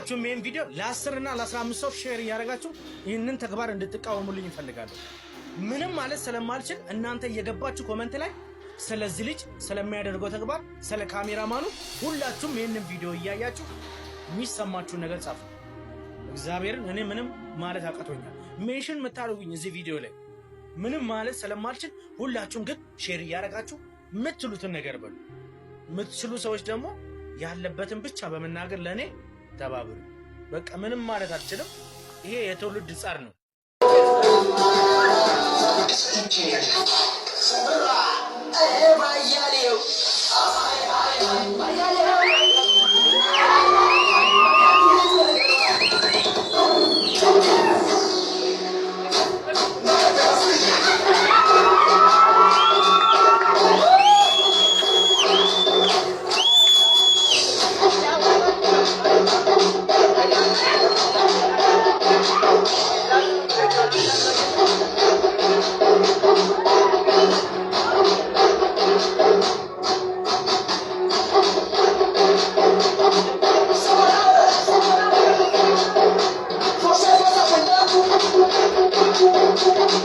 ሁላችሁም ይህን ቪዲዮ ለ10 እና ለ15 ሰው ሼር እያደረጋችሁ ይህንን ተግባር እንድትቃወሙልኝ እንፈልጋለሁ። ምንም ማለት ስለማልችል እናንተ እየገባችሁ ኮመንት ላይ ስለዚህ ልጅ ስለሚያደርገው ተግባር፣ ስለ ካሜራማኑ ሁላችሁም ይህንን ቪዲዮ እያያችሁ የሚሰማችሁን ነገር ጻፉ። እግዚአብሔርን እኔ ምንም ማለት አቅቶኛል። ሜንሽን የምታደርጉኝ እዚህ ቪዲዮ ላይ ምንም ማለት ስለማልችል ሁላችሁም ግን ሼር እያደረጋችሁ የምትሉትን ነገር በሉ። የምትችሉ ሰዎች ደግሞ ያለበትን ብቻ በመናገር ለእኔ ተባብሩ። በቃ ምንም ማለት አልችልም። ይሄ የትውልድ ጻር ነው። በመግቢያ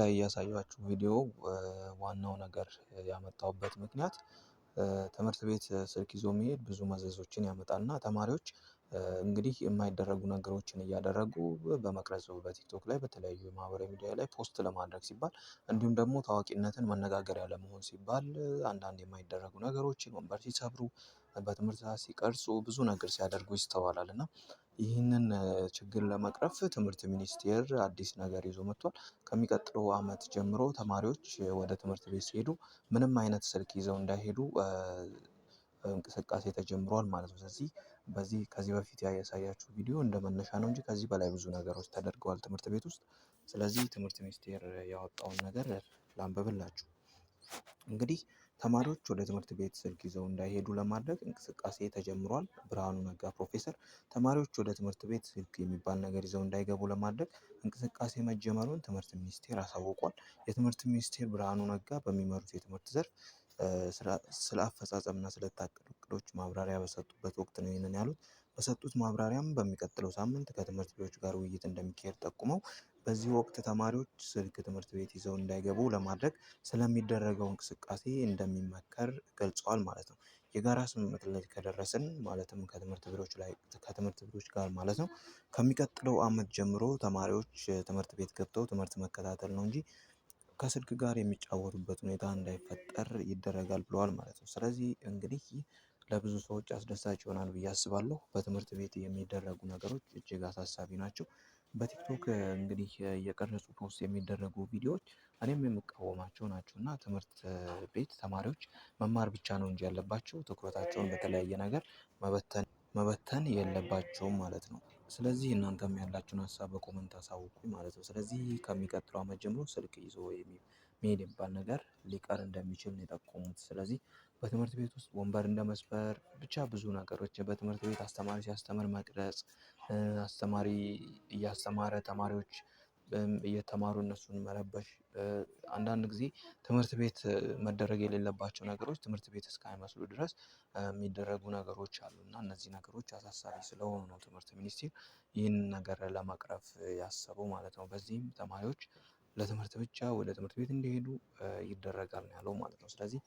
ላይ ያሳያችሁ ቪዲዮ ዋናው ነገር ያመጣሁበት ምክንያት ትምህርት ቤት ስልክ ይዞ መሄድ ብዙ መዘዞችን ያመጣልና ተማሪዎች እንግዲህ የማይደረጉ ነገሮችን እያደረጉ በመቅረጽ በቲክቶክ ላይ በተለያዩ የማህበራዊ ሚዲያ ላይ ፖስት ለማድረግ ሲባል እንዲሁም ደግሞ ታዋቂነትን መነጋገሪያ ለመሆን ሲባል አንዳንድ የማይደረጉ ነገሮችን ወንበር ሲሰብሩ በትምህርት ሰዓት ሲቀርጹ ብዙ ነገር ሲያደርጉ ይስተዋላል። እና ይህንን ችግር ለመቅረፍ ትምህርት ሚኒስቴር አዲስ ነገር ይዞ መጥቷል። ከሚቀጥለው አመት ጀምሮ ተማሪዎች ወደ ትምህርት ቤት ሲሄዱ ምንም አይነት ስልክ ይዘው እንዳይሄዱ እንቅስቃሴ ተጀምሯል ማለት ነው። ስለዚህ በዚህ ከዚህ በፊት ያሳያችሁ ቪዲዮ እንደ መነሻ ነው እንጂ ከዚህ በላይ ብዙ ነገሮች ተደርገዋል ትምህርት ቤት ውስጥ። ስለዚህ ትምህርት ሚኒስቴር ያወጣውን ነገር ላንብብላችሁ። እንግዲህ ተማሪዎች ወደ ትምህርት ቤት ስልክ ይዘው እንዳይሄዱ ለማድረግ እንቅስቃሴ ተጀምሯል። ብርሃኑ ነጋ ፕሮፌሰር ተማሪዎች ወደ ትምህርት ቤት ስልክ የሚባል ነገር ይዘው እንዳይገቡ ለማድረግ እንቅስቃሴ መጀመሩን ትምህርት ሚኒስቴር አሳውቋል። የትምህርት ሚኒስቴር ብርሃኑ ነጋ በሚመሩት የትምህርት ዘርፍ ስለ አፈጻጸምና ስለታቀዱ እቅዶች ማብራሪያ በሰጡበት ወቅት ነው ይህንን ያሉት። በሰጡት ማብራሪያም በሚቀጥለው ሳምንት ከትምህርት ቤቶች ጋር ውይይት እንደሚካሄድ ጠቁመው በዚህ ወቅት ተማሪዎች ስልክ ትምህርት ቤት ይዘው እንዳይገቡ ለማድረግ ስለሚደረገው እንቅስቃሴ እንደሚመከር ገልጸዋል ማለት ነው። የጋራ ስምምነት ላይ ከደረስን ማለትም ከትምህርት ቤቶች ላይ ከትምህርት ቤቶች ጋር ማለት ነው ከሚቀጥለው ዓመት ጀምሮ ተማሪዎች ትምህርት ቤት ገብተው ትምህርት መከታተል ነው እንጂ ከስልክ ጋር የሚጫወቱበት ሁኔታ እንዳይፈጠር ይደረጋል ብለዋል ማለት ነው። ስለዚህ እንግዲህ ለብዙ ሰዎች አስደሳች ይሆናል ብዬ አስባለሁ። በትምህርት ቤት የሚደረጉ ነገሮች እጅግ አሳሳቢ ናቸው። በቲክቶክ እንግዲህ እየቀረጹ ፖስት የሚደረጉ ቪዲዮዎች እኔም የምቃወማቸው ናቸው እና ትምህርት ቤት ተማሪዎች መማር ብቻ ነው እንጂ ያለባቸው ትኩረታቸውን በተለያየ ነገር መበተን መበተን የለባቸውም ማለት ነው። ስለዚህ እናንተም ያላችሁን ሀሳብ በኮመንት አሳውቁኝ ማለት ነው። ስለዚህ ከሚቀጥለው ዓመት ጀምሮ ስልክ ይዞ መሄድ የሚባል ነገር ሊቀር እንደሚችል ነው የጠቆሙት። ስለዚህ በትምህርት ቤት ውስጥ ወንበር እንደ መስበር ብቻ ብዙ ነገሮች በትምህርት ቤት አስተማሪ ሲያስተምር መቅረጽ አስተማሪ እያስተማረ ተማሪዎች እየተማሩ እነሱን መረበሽ አንዳንድ ጊዜ ትምህርት ቤት መደረግ የሌለባቸው ነገሮች ትምህርት ቤት እስካይመስሉ ድረስ የሚደረጉ ነገሮች አሉ እና እነዚህ ነገሮች አሳሳቢ ስለሆኑ ነው ትምህርት ሚኒስቴር ይህን ነገር ለመቅረፍ ያሰበው ማለት ነው። በዚህም ተማሪዎች ለትምህርት ብቻ ወደ ትምህርት ቤት እንዲሄዱ ይደረጋል ያለው ማለት ነው። ስለዚህ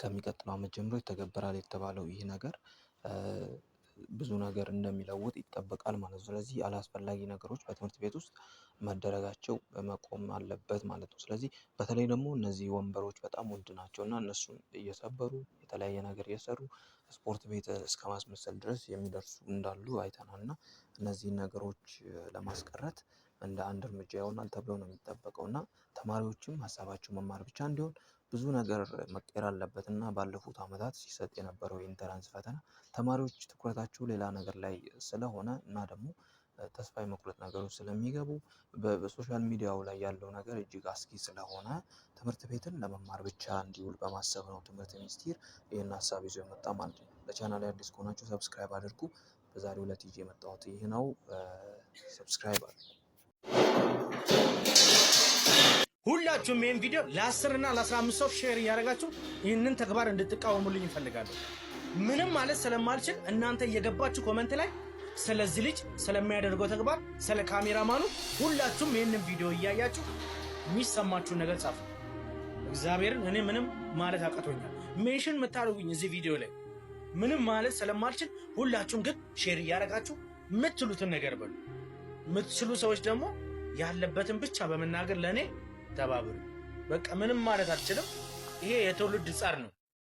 ከሚቀጥለው አመት ጀምሮ ይተገበራል የተባለው ይህ ነገር ብዙ ነገር እንደሚለውጥ ይጠበቃል ማለት ነው። ስለዚህ አላስፈላጊ ነገሮች በትምህርት ቤት ውስጥ መደረጋቸው መቆም አለበት ማለት ነው። ስለዚህ በተለይ ደግሞ እነዚህ ወንበሮች በጣም ውድ ናቸው እና እነሱን እየሰበሩ የተለያየ ነገር እየሰሩ ስፖርት ቤት እስከ ማስመሰል ድረስ የሚደርሱ እንዳሉ አይተናል። እና እነዚህን ነገሮች ለማስቀረት እንደ አንድ እርምጃ ይሆናል ተብሎ ነው የሚጠበቀው እና ተማሪዎችም ሀሳባቸው መማር ብቻ እንዲሆን ብዙ ነገር መቀየር አለበት እና ባለፉት ዓመታት ሲሰጥ የነበረው የኢንተራንስ ፈተና ተማሪዎች ትኩረታቸው ሌላ ነገር ላይ ስለሆነ እና ደግሞ ተስፋ የመቁረጥ ነገሮች ስለሚገቡ በሶሻል ሚዲያው ላይ ያለው ነገር እጅግ አስጊ ስለሆነ ትምህርት ቤትን ለመማር ብቻ እንዲውል በማሰብ ነው ትምህርት ሚኒስቴር ይህን ሀሳብ ይዞ የመጣ ማለት ነው። ለቻናል አዲስ ከሆናችሁ ሰብስክራይብ አድርጉ። በዛሬው ዕለት ይዤ የመጣሁት ይህ ነው። ሰብስክራይብ አድርጉ። ሁላችሁም ይህን ቪዲዮ ለ10 እና ለ ሰው ሼር እያደረጋችሁ ይህንን ተግባር እንድትቃወሙልኝ እፈልጋለሁ። ምንም ማለት ስለማልችል እናንተ እየገባችሁ ኮመንት ላይ ስለዚህ ልጅ ስለሚያደርገው ተግባር፣ ስለ ካሜራማኑ ሁላችሁም ይህንን ቪዲዮ እያያችሁ የሚሰማችሁን ነገር ጻፉ። እግዚአብሔርን እኔ ምንም ማለት አቅቶኛል። ሜንሽን የምታደርጉኝ እዚህ ቪዲዮ ላይ ምንም ማለት ስለማልችል ሁላችሁም ግን ሼር እያደረጋችሁ የምትሉትን ነገር በሉ። የምትችሉ ሰዎች ደግሞ ያለበትን ብቻ በመናገር ለእኔ ተባብሩ። በቃ ምንም ማለት አልችልም። ይሄ የትውልድ ጸር ነው።